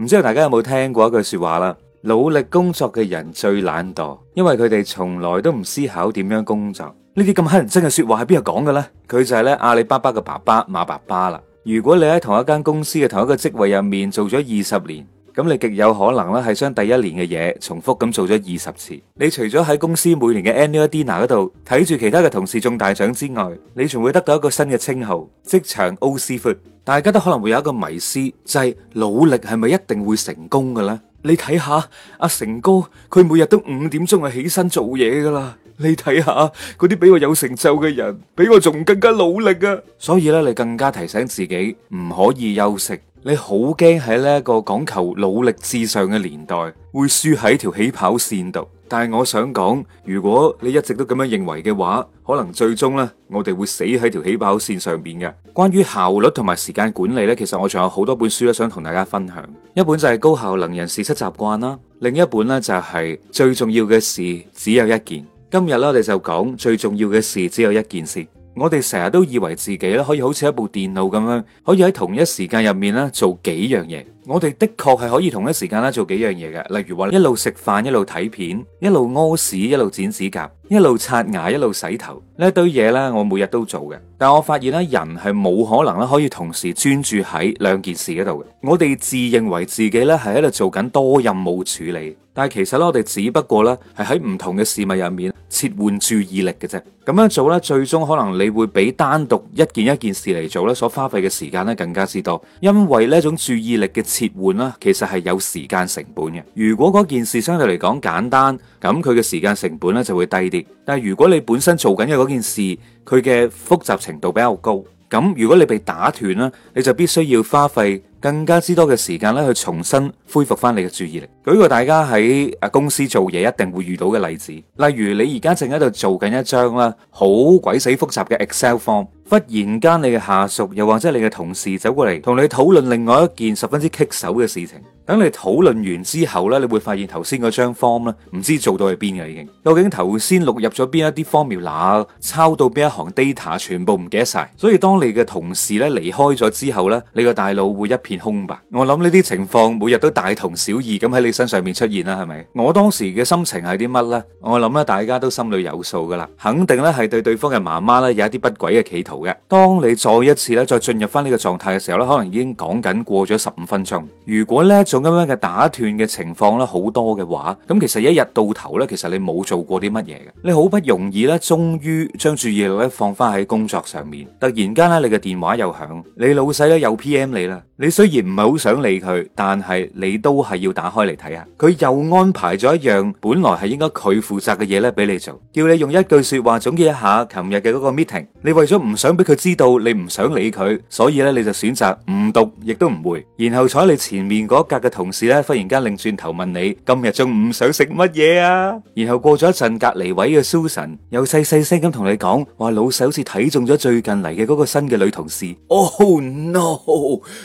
唔知道大家有冇聽過一句說話啦？努力工作嘅人最懶惰，因為佢哋從來都唔思考點樣工作。呢啲咁乞人憎嘅說話係邊個講嘅咧？佢就係咧阿里巴巴嘅爸爸馬爸爸啦。如果你喺同一間公司嘅同一個職位入面做咗二十年。咁你極有可能咧係將第一年嘅嘢，重複咁做咗二十次。你除咗喺公司每年嘅 annual dinner 度睇住其他嘅同事中大獎之外，你仲會得到一個新嘅稱號——職場 O f 師傅。大家都可能會有一個迷思，就係、是、努力係咪一定會成功嘅咧？你睇下阿成哥，佢每日都五點鐘係起身做嘢噶啦。你睇下嗰啲比我有成就嘅人，比我仲更加努力啊！所以咧，你更加提醒自己唔可以休息。你好驚喺呢一個講求努力至上嘅年代會輸喺條起跑線度，但係我想講，如果你一直都咁樣認為嘅話，可能最終呢，我哋會死喺條起跑線上邊嘅。關於效率同埋時間管理呢，其實我仲有好多本書咧想同大家分享，一本就係高效能人士七習慣啦，另一本呢就係最重要嘅事只有一件。今日咧我哋就講最重要嘅事只有一件事。我哋成日都以為自己咧可以好似一部電腦咁樣，可以喺同一時間入面咧做幾樣嘢。我哋的確係可以同一時間啦做幾樣嘢嘅，例如話一路食飯一路睇片，一路屙屎一路剪指甲，一路刷牙一路洗頭呢一堆嘢呢，我每日都做嘅。但我發現咧，人係冇可能咧可以同時專注喺兩件事嗰度嘅。我哋自認為自己呢係喺度做緊多任務處理，但係其實呢，我哋只不過呢係喺唔同嘅事物入面切換注意力嘅啫。咁樣做呢，最終可能你會比單獨一件一件事嚟做呢所花費嘅時間呢更加之多，因為呢一種注意力嘅，切換啦，其實係有時間成本嘅。如果嗰件事相對嚟講簡單，咁佢嘅時間成本咧，就會低啲。但係如果你本身做緊嘅嗰件事，佢嘅複雜程度比較高，咁如果你被打斷啦，你就必須要花費更加之多嘅時間咧去重新恢復翻,你嘅注意力。舉個大家喺啊公司做嘢一定會遇到嘅例子，例如你而家正喺度做緊一張啦，好鬼死複雜嘅 Excel form。忽然間，你嘅下屬又或者你嘅同事走過嚟，同你討論另外一件十分之棘手嘅事情。等你討論完之後呢，你會發現頭先嗰張 form 咧，唔知做到去邊嘅已經。究竟頭先錄入咗邊一啲 formula，抄到邊一行 data，全部唔記得晒。所以當你嘅同事咧離開咗之後呢，你個大腦會一片空白。我諗呢啲情況每日都大同小異咁喺你身上面出現啦，係咪？我當時嘅心情係啲乜呢？我諗咧大家都心裏有數噶啦，肯定咧係對對方嘅媽媽咧有一啲不軌嘅企圖。嘅，當你再一次咧再進入翻呢個狀態嘅時候咧，可能已經講緊過咗十五分鐘。如果呢一種咁樣嘅打斷嘅情況咧好多嘅話，咁其實一日到頭咧，其實你冇做過啲乜嘢嘅。你好不容易咧，終於將注意力咧放翻喺工作上面，突然間咧，你嘅電話又響，你老細咧又 PM 你啦。你雖然唔係好想理佢，但係你都係要打開嚟睇下。佢又安排咗一樣本來係應該佢負責嘅嘢咧俾你做，叫你用一句說話總結一下琴日嘅嗰個 meeting。你為咗唔想。想俾佢知道你唔想理佢，所以咧你就選擇唔讀亦都唔回。然後坐喺你前面嗰格嘅同事咧，忽然間擰轉頭問你：今日仲唔想食乜嘢啊？然後過咗一陣，隔籬位嘅 Susan 又細細聲咁同你講話：老細好似睇中咗最近嚟嘅嗰個新嘅女同事。Oh no！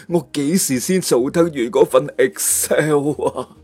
我幾時先做得完嗰份 Excel 啊？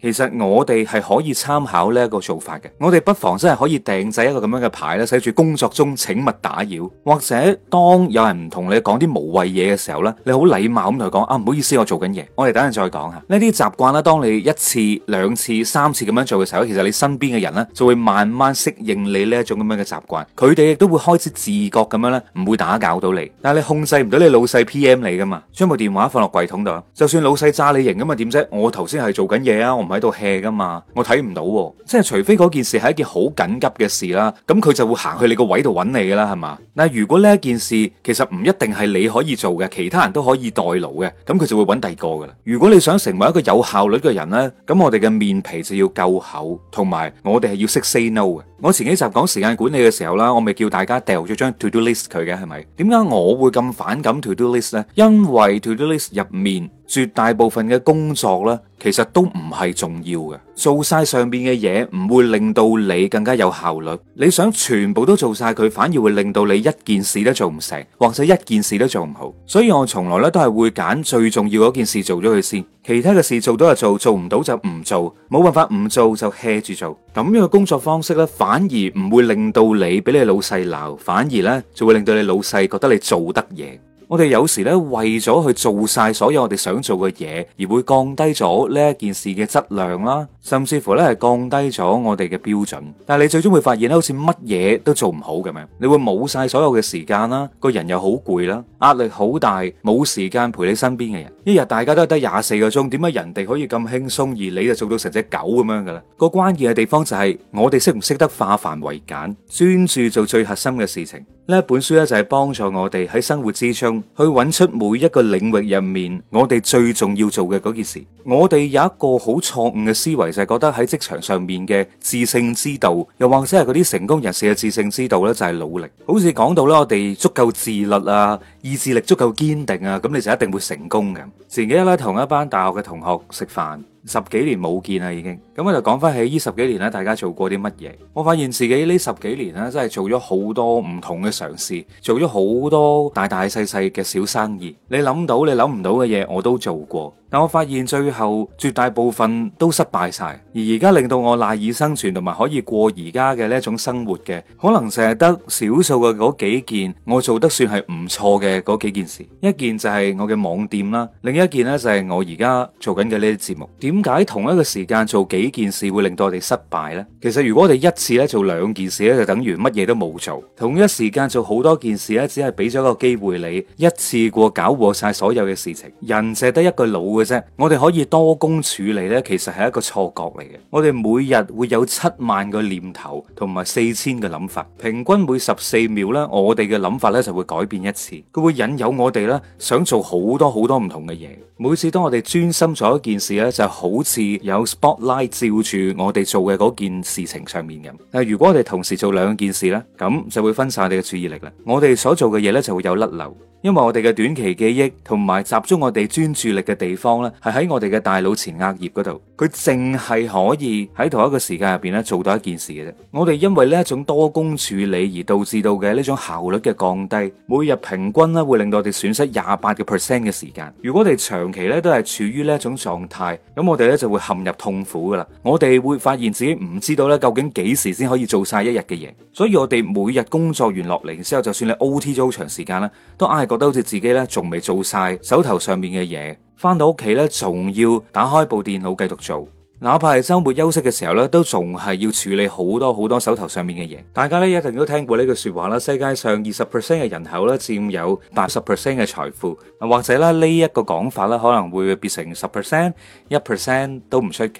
其實我哋係可以參考呢一個做法嘅，我哋不妨真係可以訂製一個咁樣嘅牌咧，寫住工作中請勿打擾，或者當有人唔同你講啲無謂嘢嘅時候咧，你好禮貌咁同佢講，啊唔好意思，我做緊嘢，我哋等陣再講吓。呢啲習慣咧，當你一次、兩次、三次咁樣做嘅時候，其實你身邊嘅人咧就會慢慢適應你呢一種咁樣嘅習慣，佢哋亦都會開始自覺咁樣咧，唔會打攪到你。但係你控制唔到你老細 PM 你噶嘛，將部電話放落櫃桶度，就算老細詐你型咁啊點啫？我頭先係做緊嘢啊，喺度 hea 噶嘛？我睇唔到，啊，即係除非嗰件事係一件好緊急嘅事啦，咁佢就會行去你個位度揾你噶啦，係嘛？嗱，如果呢一件事其實唔一定係你可以做嘅，其他人都可以代勞嘅，咁佢就會揾第二個噶啦。如果你想成為一個有效率嘅人呢，咁我哋嘅面皮就要夠厚，同埋我哋係要識 say no 嘅。我前幾集講時間管理嘅時候啦，我咪叫大家掉咗張 to do list 佢嘅係咪？點解我會咁反感 to do list 呢？因為 to do list 入面絕大部分嘅工作咧。其實都唔係重要嘅，做晒上邊嘅嘢唔會令到你更加有效率。你想全部都做晒佢，反而會令到你一件事都做唔成，或者一件事都做唔好。所以我從來咧都係會揀最重要嗰件事做咗佢先，其他嘅事做到就做，做唔到就唔做，冇辦法唔做就歇住做。咁樣嘅工作方式咧，反而唔會令到你俾你老細鬧，反而咧就會令到你老細覺得你做得嘢。我哋有時咧，為咗去做晒所有我哋想做嘅嘢，而會降低咗呢一件事嘅質量啦，甚至乎咧係降低咗我哋嘅標準。但係你最終會發現咧，好似乜嘢都做唔好咁樣，你會冇晒所有嘅時間啦，個人又好攰啦，壓力好大，冇時間陪你身邊嘅人。一日大家都得廿四個鐘，點解人哋可以咁輕鬆，而你就做到成隻狗咁樣嘅咧？個關鍵嘅地方就係我哋識唔識得化繁為簡，專注做最核心嘅事情。呢一本書咧就係幫助我哋喺生活之中，去揾出每一個領域入面，我哋最重要做嘅嗰件事。我哋有一個好錯誤嘅思維，就係覺得喺職場上面嘅自勝之道，又或者係嗰啲成功人士嘅自勝之道呢，就係努力。好似講到啦，我哋足夠自律啊，意志力足夠堅定啊，咁你就一定會成功嘅。前幾日咧，同一班大學嘅同學食飯。十幾年冇見啦，已經，咁我就講翻起呢十幾年咧，大家做過啲乜嘢？我發現自己呢十幾年咧，真係做咗好多唔同嘅嘗試，做咗好多大大細細嘅小生意。你諗到你諗唔到嘅嘢，我都做過。但我發現最後絕大部分都失敗晒，而而家令到我賴以生存同埋可以過而家嘅呢一種生活嘅，可能淨係得少數嘅嗰幾件我做得算係唔錯嘅嗰幾件事。一件就係我嘅網店啦，另一件呢就係我而家做緊嘅呢啲節目。點解同一個時間做幾件事會令到我哋失敗呢？其實如果我哋一次咧做兩件事咧，就等於乜嘢都冇做。同一時間做好多件事咧，只係俾咗一個機會你一次過搞和晒所有嘅事情。人淨得一個腦。我哋可以多工處理呢，其實係一個錯覺嚟嘅。我哋每日會有七萬個念頭，同埋四千個諗法，平均每十四秒呢，我哋嘅諗法呢就會改變一次。佢會引誘我哋呢，想做好多好多唔同嘅嘢。每次當我哋專心做一件事呢，就好似有 spotlight 照住我哋做嘅嗰件事情上面咁。但如果我哋同時做兩件事呢，咁就會分散我哋嘅注意力啦。我哋所做嘅嘢呢，就會有甩漏，因為我哋嘅短期記憶同埋集中我哋專注力嘅地方。係喺我哋嘅大腦前額葉嗰度，佢淨係可以喺同一個時間入邊咧做到一件事嘅啫。我哋因為呢一種多工處理而導致到嘅呢種效率嘅降低，每日平均咧會令到我哋損失廿八個 percent 嘅時間。如果我哋長期咧都係處於呢一種狀態，咁我哋咧就會陷入痛苦噶啦。我哋會發現自己唔知道咧究竟幾時先可以做晒一日嘅嘢，所以我哋每日工作完落嚟之後，就算你 OT 咗好長時間咧，都硬係覺得好似自己咧仲未做晒手頭上面嘅嘢。翻到屋企咧，仲要打開部電腦繼續做，哪怕係周末休息嘅時候咧，都仲係要處理好多好多手頭上面嘅嘢。大家咧，一定都聽過呢句說話啦。世界上二十 percent 嘅人口咧，佔有八十 percent 嘅財富，或者咧呢一個講法咧，可能會變成十 percent，一 percent 都唔出奇。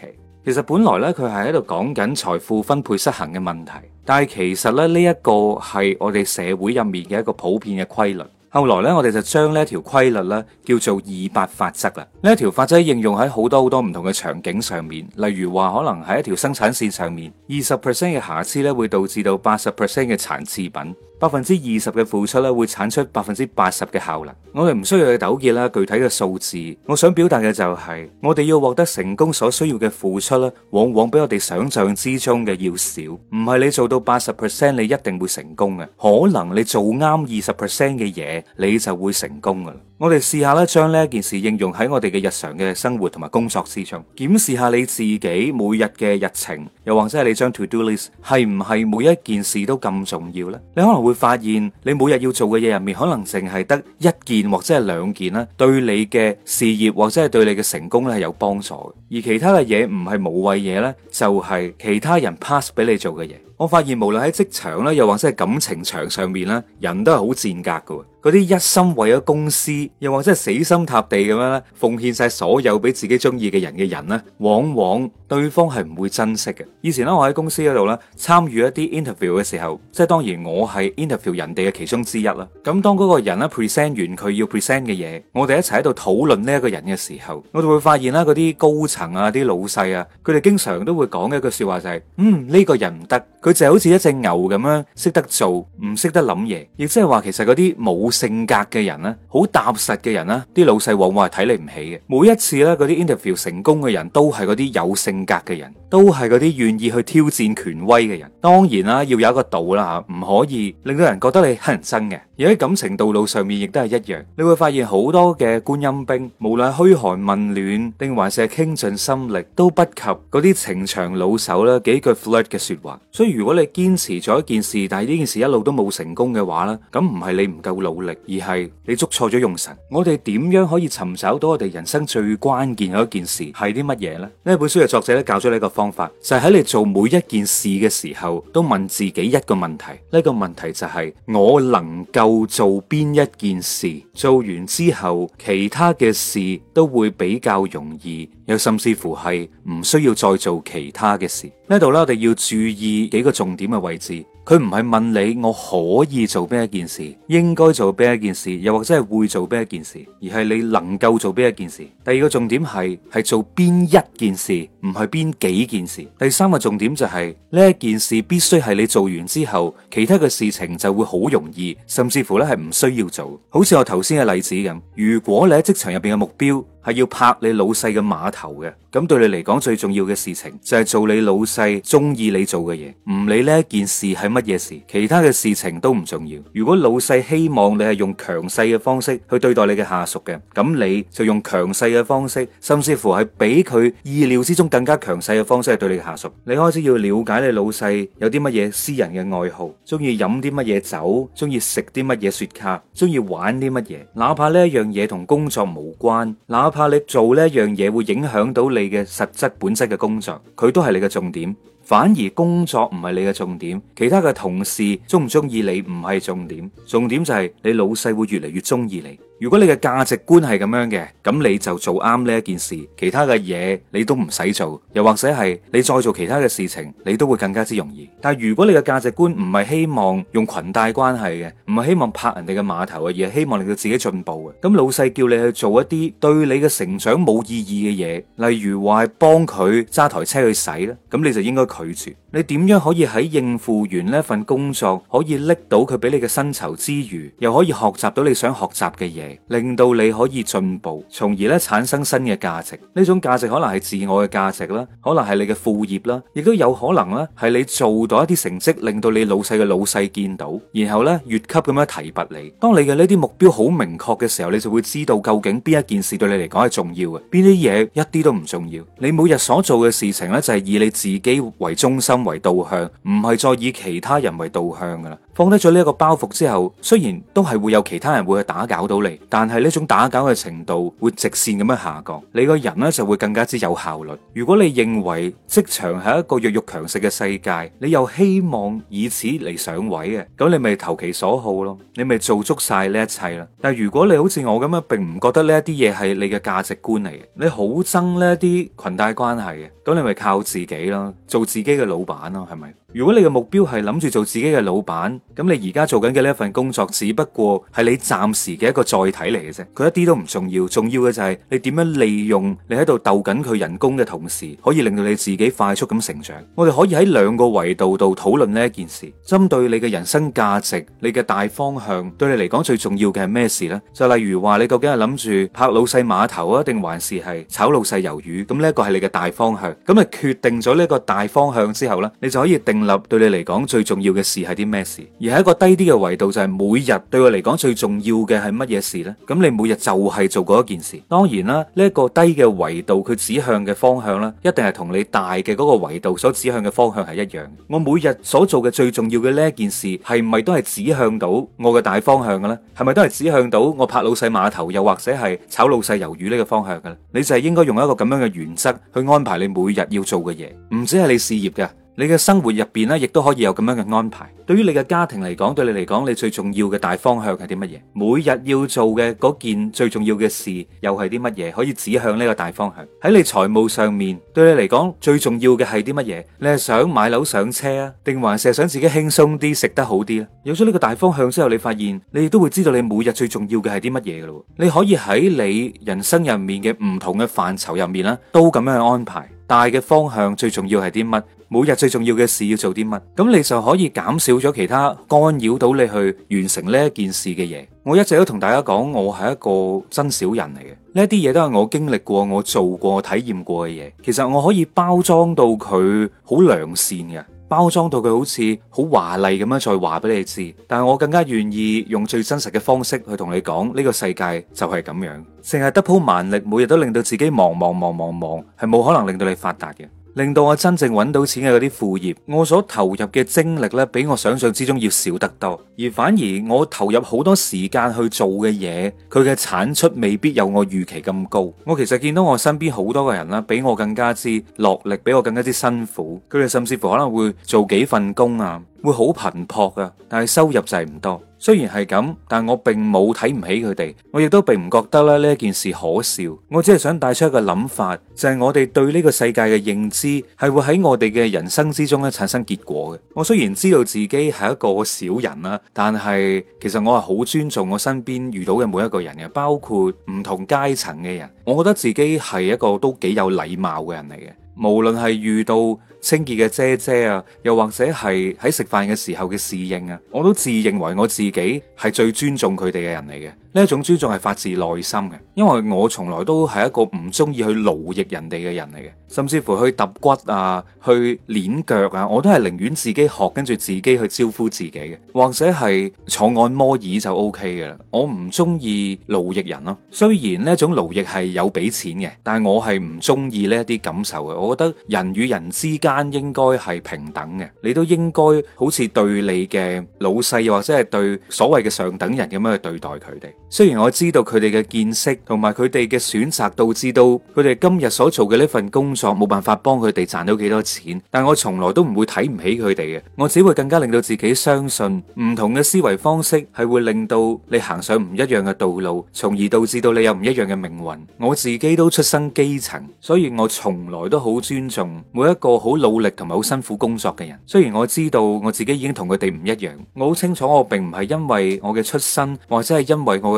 其實本來咧，佢係喺度講緊財富分配失衡嘅問題，但係其實咧呢一個係我哋社會入面嘅一個普遍嘅規律。後來咧，我哋就將呢條規律咧叫做二八法則啦。呢條法則應用喺好多好多唔同嘅場景上面，例如話可能喺一條生產線上面，二十 percent 嘅瑕疵咧會導致到八十 percent 嘅殘次品。百分之二十嘅付出咧，會產出百分之八十嘅效能。我哋唔需要去糾結啦，具體嘅數字。我想表達嘅就係，我哋要獲得成功所需要嘅付出咧，往往比我哋想象之中嘅要少。唔係你做到八十 percent 你一定會成功嘅，可能你做啱二十 percent 嘅嘢，你就會成功噶啦。我哋試下咧，將呢一件事應用喺我哋嘅日常嘅生活同埋工作之中，檢視下你自己每日嘅日程，又或者係你將 to do list 係唔係每一件事都咁重要呢？你可能會發現你每日要做嘅嘢入面，可能淨係得一件或者係兩件啦，對你嘅事業或者係對你嘅成功咧係有幫助嘅。而其他嘅嘢唔係無謂嘢呢，就係、是、其他人 pass 俾你做嘅嘢。我發現無論喺職場咧，又或者係感情場上面咧，人都係好賤格嘅。嗰啲一心為咗公司，又或者係死心塌地咁樣咧，奉獻晒所有俾自己中意嘅人嘅人咧，往往對方係唔會珍惜嘅。以前咧，我喺公司嗰度咧，參與一啲 interview 嘅時候，即係當然我係 interview 人哋嘅其中之一啦。咁當嗰個人咧 present 完佢要 present 嘅嘢，我哋一齊喺度討論呢一個人嘅時候，我哋會發現啦，嗰啲高層啊、啲老細啊，佢哋經常都會講一句説話就係：嗯，呢個人唔得。佢就好似一隻牛咁樣，識得做，唔識得諗嘢，亦即係話，其實嗰啲冇性格嘅人咧，好踏實嘅人啦，啲老細往往係睇你唔起嘅。每一次咧，嗰啲 interview 成功嘅人都係嗰啲有性格嘅人，都係嗰啲願意去挑戰權威嘅人。當然啦，要有一個度啦吓，唔可以令到人覺得你乞人憎嘅。而喺感情道路上面亦都係一樣，你會發現好多嘅觀音兵，無論噓寒問暖定還是係傾盡心力，都不及嗰啲情場老手啦，幾句 flat 嘅說話。所以如果你堅持咗一件事，但係呢件事一路都冇成功嘅話咧，咁唔係你唔夠努力，而係你捉錯咗用神。我哋點樣可以尋找到我哋人生最關鍵嘅一件事係啲乜嘢咧？呢一本書嘅作者咧教咗你一個方法，就係喺你做每一件事嘅時候，都問自己一個問題。呢個問題就係：我能夠做做邊一件事，做完之後，其他嘅事都會比較容易，又甚至乎係唔需要再做其他嘅事。呢度咧，我哋要注意幾個重點嘅位置。佢唔係問你我可以做邊一件事，應該做邊一件事，又或者係會做邊一件事，而係你能夠做邊一件事。第二個重點係係做邊一件事，唔係邊幾件事。第三個重點就係呢一件事必須係你做完之後，其他嘅事情就會好容易，甚至乎呢係唔需要做。好似我頭先嘅例子咁，如果你喺職場入邊嘅目標係要拍你老細嘅碼頭嘅，咁對你嚟講最重要嘅事情就係、是、做你老細中意你做嘅嘢，唔理呢一件事係乜。乜嘢事？其他嘅事情都唔重要。如果老細希望你係用強勢嘅方式去對待你嘅下屬嘅，咁你就用強勢嘅方式，甚至乎係比佢意料之中更加強勢嘅方式去對你嘅下屬。你開始要了解你老細有啲乜嘢私人嘅愛好，中意飲啲乜嘢酒，中意食啲乜嘢雪茄，中意玩啲乜嘢。哪怕呢一樣嘢同工作無關，哪怕你做呢一樣嘢會影響到你嘅實質本質嘅工作，佢都係你嘅重點。反而工作唔係你嘅重點，其他嘅同事中唔中意你唔係重點，重點就係你老細會越嚟越中意你。如果你嘅價值觀係咁樣嘅，咁你就做啱呢一件事，其他嘅嘢，你都唔使做，又或者係你再做其他嘅事情，你都會更加之容易。但係如果你嘅價值觀唔係希望用裙帶關係嘅，唔係希望拍人哋嘅碼頭啊，而係希望令到自己進步啊，咁老細叫你去做一啲對你嘅成長冇意義嘅嘢，例如話係幫佢揸台車去洗咧，咁你就應該拒絕。你點樣可以喺應付完呢份工作，可以拎到佢俾你嘅薪酬之餘，又可以學習到你想學習嘅嘢？令到你可以進步，從而咧產生新嘅價值。呢種價值可能係自我嘅價值啦，可能係你嘅副業啦，亦都有可能啦係你做到一啲成績，令到你老細嘅老細見到，然後咧越級咁樣提拔你。當你嘅呢啲目標好明確嘅時候，你就會知道究竟邊一件事對你嚟講係重要嘅，邊啲嘢一啲都唔重要。你每日所做嘅事情咧就係以你自己為中心為導向，唔係再以其他人為導向噶啦。放低咗呢一個包袱之後，雖然都係會有其他人會去打攪到你，但係呢種打攪嘅程度會直線咁樣下降。你個人呢就會更加之有效率。如果你認為職場係一個弱肉強食嘅世界，你又希望以此嚟上位嘅，咁你咪投其所好咯，你咪做足晒呢一切咯。但係如果你好似我咁樣，並唔覺得呢一啲嘢係你嘅價值觀嚟嘅，你好憎呢啲裙帶關係嘅，咁你咪靠自己咯，做自己嘅老闆咯，係咪？如果你嘅目標係諗住做自己嘅老闆，咁你而家做緊嘅呢一份工作只不過係你暫時嘅一個載體嚟嘅啫，佢一啲都唔重要。重要嘅就係你點樣利用你喺度鬥緊佢人工嘅同時，可以令到你自己快速咁成長。我哋可以喺兩個維度度討論呢一件事，針對你嘅人生價值、你嘅大方向，對你嚟講最重要嘅係咩事呢？就例如話你究竟係諗住拍老細碼頭啊，定還是係炒老細魷魚？咁呢一個係你嘅大方向。咁啊，決定咗呢一個大方向之後呢，你就可以定。立對你嚟講最重要嘅事係啲咩事？而係一個低啲嘅維度，就係每日對我嚟講最重要嘅係乜嘢事呢？咁你每日就係做過一件事。當然啦，呢一個低嘅維度，佢指向嘅方向咧，一定係同你大嘅嗰個維度所指向嘅方向係一樣。我每日所做嘅最重要嘅呢一件事，係唔係都係指向到我嘅大方向嘅咧？係咪都係指向到我拍老細碼頭，又或者係炒老細魷魚呢個方向嘅咧？你就係應該用一個咁樣嘅原則去安排你每日要做嘅嘢，唔止係你事業嘅。你嘅生活入邊咧，亦都可以有咁樣嘅安排。對於你嘅家庭嚟講，對你嚟講，你最重要嘅大方向係啲乜嘢？每日要做嘅嗰件最重要嘅事又係啲乜嘢？可以指向呢個大方向。喺你財務上面，對你嚟講最重要嘅係啲乜嘢？你係想買樓上車啊，定還係想自己輕鬆啲、食得好啲咧？有咗呢個大方向之後，你發現你亦都會知道你每日最重要嘅係啲乜嘢嘅咯。你可以喺你人生入面嘅唔同嘅範疇入面啦，都咁樣去安排大嘅方向，最重要係啲乜？每日最重要嘅事要做啲乜？咁你就可以減少咗其他干擾到你去完成呢一件事嘅嘢。我一直都同大家講，我係一個真小人嚟嘅。呢啲嘢都係我經歷過、我做過、我體驗過嘅嘢。其實我可以包裝到佢好良善嘅，包裝到佢好似好華麗咁樣再話俾你知。但係我更加願意用最真實嘅方式去同你講，呢個世界就係咁樣。淨係得鋪蠻力，每日都令到自己忙忙忙忙忙，忙，係冇可能令到你發達嘅。令到我真正揾到錢嘅嗰啲副業，我所投入嘅精力咧，比我想象之中要少得多，而反而我投入好多時間去做嘅嘢，佢嘅產出未必有我預期咁高。我其實見到我身邊好多嘅人啦，比我更加之落力，比我更加之辛苦，佢哋甚至乎可能會做幾份工啊。會好頻撲㗎，但係收入就係唔多。雖然係咁，但我並冇睇唔起佢哋，我亦都並唔覺得咧呢件事可笑。我只係想帶出一個諗法，就係、是、我哋對呢個世界嘅認知係會喺我哋嘅人生之中咧產生結果嘅。我雖然知道自己係一個小人啦，但係其實我係好尊重我身邊遇到嘅每一個人嘅，包括唔同階層嘅人。我覺得自己係一個都幾有禮貌嘅人嚟嘅。無論係遇到清潔嘅姐姐啊，又或者係喺食飯嘅時候嘅侍應啊，我都自認為我自己係最尊重佢哋嘅人嚟嘅。呢種尊重係發自內心嘅，因為我從來都係一個唔中意去勞役人哋嘅人嚟嘅，甚至乎去揼骨啊、去捏腳啊，我都係寧願自己學，跟住自己去招呼自己嘅，或者係坐按摩椅就 OK 嘅啦。我唔中意勞役人咯，雖然呢種勞役係有俾錢嘅，但係我係唔中意呢啲感受嘅。我覺得人與人之間應該係平等嘅，你都應該好似對你嘅老細或者係對所謂嘅上等人咁樣去對待佢哋。雖然我知道佢哋嘅見識同埋佢哋嘅選擇導致到佢哋今日所做嘅呢份工作冇辦法幫佢哋賺到幾多錢，但我從來都唔會睇唔起佢哋嘅，我只會更加令到自己相信唔同嘅思維方式係會令到你行上唔一樣嘅道路，從而導致到你有唔一樣嘅命運。我自己都出身基層，所以我從來都好尊重每一個好努力同埋好辛苦工作嘅人。雖然我知道我自己已經同佢哋唔一樣，我好清楚我並唔係因為我嘅出身，或者係因為我。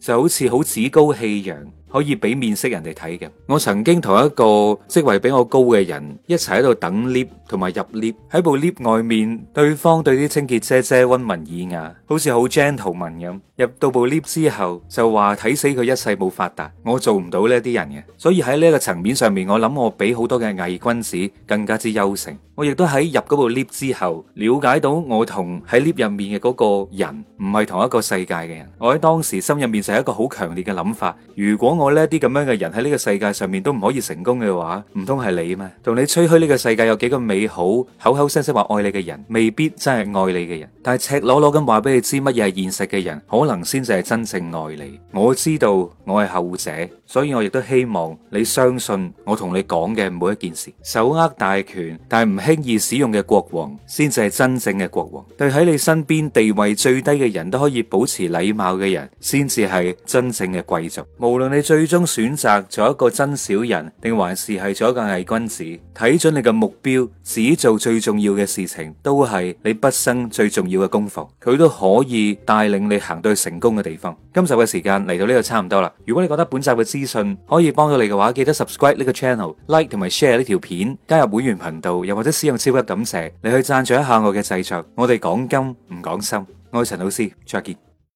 就好似好趾高氣揚，可以俾面色人哋睇嘅。我曾經同一個職位比我高嘅人一齊喺度等 lift 同埋入 lift，喺部 lift 外面，對方對啲清潔姐姐溫文爾雅，好似好 gentle 文咁。入到部 lift 之後，就話睇死佢一世冇發達，我做唔到呢啲人嘅。所以喺呢一個層面上面，我諗我比好多嘅偽君子更加之優勝。我亦都喺入嗰部 lift 之後，了解到我同喺 lift 入面嘅嗰個人唔係同一個世界嘅人。我喺當時心入面。就係一個好強烈嘅諗法。如果我呢啲咁樣嘅人喺呢個世界上面都唔可以成功嘅話，唔通係你咩？同你吹噓呢個世界有幾咁美好，口口聲聲話愛你嘅人，未必真係愛你嘅人。但係赤裸裸咁話俾你知乜嘢係現實嘅人，可能先至係真正愛你。我知道我係後者。所以我亦都希望你相信我同你講嘅每一件事。手握大權但係唔輕易使用嘅國王，先至係真正嘅國王。對喺你身邊地位最低嘅人都可以保持禮貌嘅人，先至係真正嘅貴族。無論你最終選擇做一個真小人，定還是係做一個偽君子，睇準你嘅目標，只做最重要嘅事情，都係你畢生最重要嘅功課。佢都可以帶領你行到去成功嘅地方。今集嘅時間嚟到呢度差唔多啦。如果你覺得本集嘅知，資訊可以幫到你嘅話，記得 subscribe 呢個 channel，like 同埋 share 呢條片，加入會員頻道，又或者使用超級感謝你去贊助一下我嘅製作。我哋講金唔講心，愛陳老師，再見。